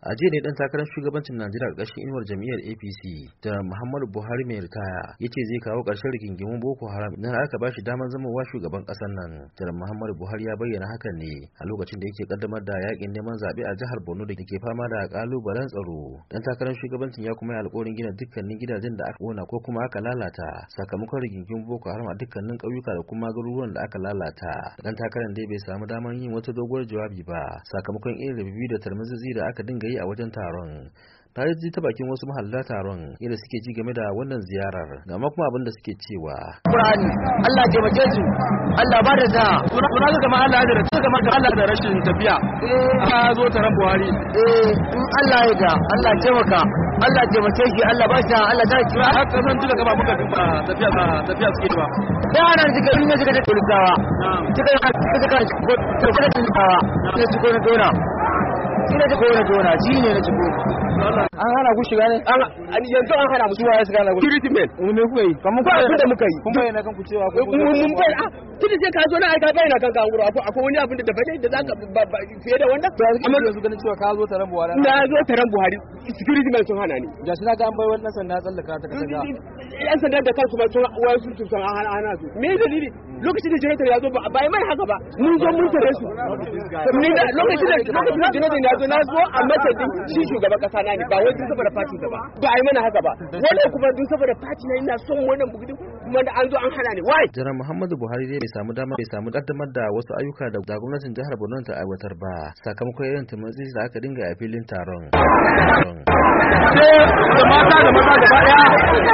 a jiya ne dan takarar shugabancin najeriya ƙarshen inuwar jam'iyyar apc da muhammadu buhari mai ritaya ya ce zai kawo ƙarshen rigingimun boko haram idan aka ba shi damar zama wa shugaban ƙasar nan jiran muhammadu buhari ya bayyana hakan ne a lokacin da yake kaddamar da yakin neman zaɓe a jihar borno da ke fama da ƙalubalen tsaro dan takarar shugabancin ya kuma yi alƙawarin gina dukkanin gidajen da aka ƙona ko kuma aka lalata sakamakon rigingimun boko haram a dukkanin ƙauyuka da kuma garuruwan da aka lalata dan takarar dai bai samu damar yin wata doguwar jawabi ba sakamakon irin rububi da tarmizizi da aka dinga yi a wajen taron ta yi ta bakin wasu mahalla taron yadda suke ji game da wannan ziyarar ga kuma abin da suke cewa Qur'ani shi na jiko na gona shi ne na an hana ku shiga ne an yanzu an hana mu su waye su gana ku mun yi kamar ku da muka yi cewa ku mun bayyana tunda sai ka zo na aika bai na kan ka gura akwai akwai wani abin da da da zaka fiye da wanda amma da su ganin cewa ka zo taron Buhari na zo taron Buhari security man sun hana ni ga shi na ga an bai wannan sanda tsallaka ta kasa yan sanda da kansu ba sun wai sun sun san an hana su me dalili lokacin da janitor ya zo ba bai mai haka ba mun zo mun tare su ni da lokacin da lokacin da janitor ya zo na zo a matsayin shi shugaban kasa na ne ba wai dun saboda party ba ba ai mana haka ba wannan kuma dun saboda party na ina son wannan bugudin kuma da an zo an hana ne wai jiran muhammadu buhari dai bai samu dama bai samu kaddamar da wasu ayyuka da gwamnatin jihar borno ta aiwatar ba sakamakon irin tumatsi da aka dinga a filin taron da mata da maza gaba daya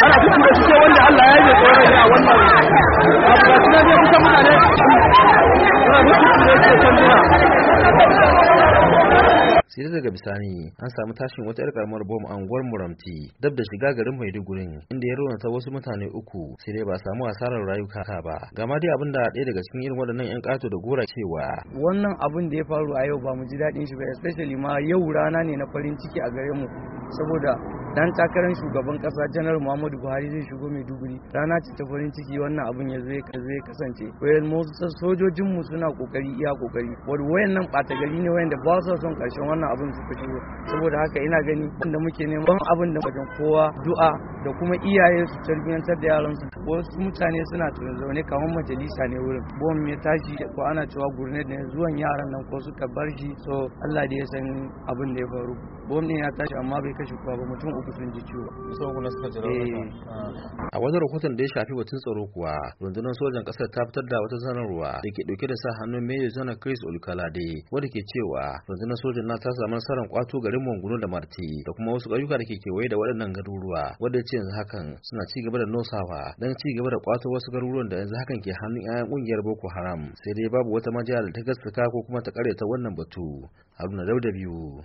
ana fito da wanda Allah ya yi tsoron ya wannan sai daga bisani an samu tashin wata yar karamar bom a unguwar muramti dab da shiga garin maiduguri inda ya raunata wasu mutane uku sai dai ba samu asarar rayuka ba gama dai abin da ɗaya daga cikin irin waɗannan yan ƙato da gora cewa wannan abin da ya faru a yau ba mu ji daɗin shi ba especially ma yau rana ne na farin ciki a gare mu saboda dan takarar shugaban kasa janar muhammadu buhari zai shigo maiduguri rana ce ta farin ciki wannan abun ya zai kasance wayan sojojin sojojinmu suna kokari iya kokari wadda wayan nan bata gari ne wayan da ba su son karshen wannan abun su fito saboda haka ina gani da muke neman abin da wajen kowa du'a da kuma iyaye su tarbiyyantar da yaran su wasu mutane suna zaune kamar majalisa ne wurin bom ya tashi ko ana cewa gurnet ne zuwan yaran nan ko suka bar shi so Allah da ya san abin da ya faru ne ya tashi amma bai kashe kowa ba mutum uku sun ji ciwo eh. ah. a wani rahoton da ya shafi batun tsaro kuwa rundunar sojan kasar ta fitar da wata sanarwa da ke dauke da sa hannun major general chris olukalade wanda ke cewa rundunar sojan na ta samu nasarar kwato garin manguno da marti da kuma wasu ƙauyuka da ke kewaye da waɗannan garuruwa wanda ce yanzu hakan suna ci gaba da nosawa don ci gaba da kwato wasu garuruwan da yanzu hakan ke hannun 'ya'yan ƙungiyar boko haram sai dai babu wata majiya da ta gaskata ko kuma ta karyata wannan batu haruna dauda biyu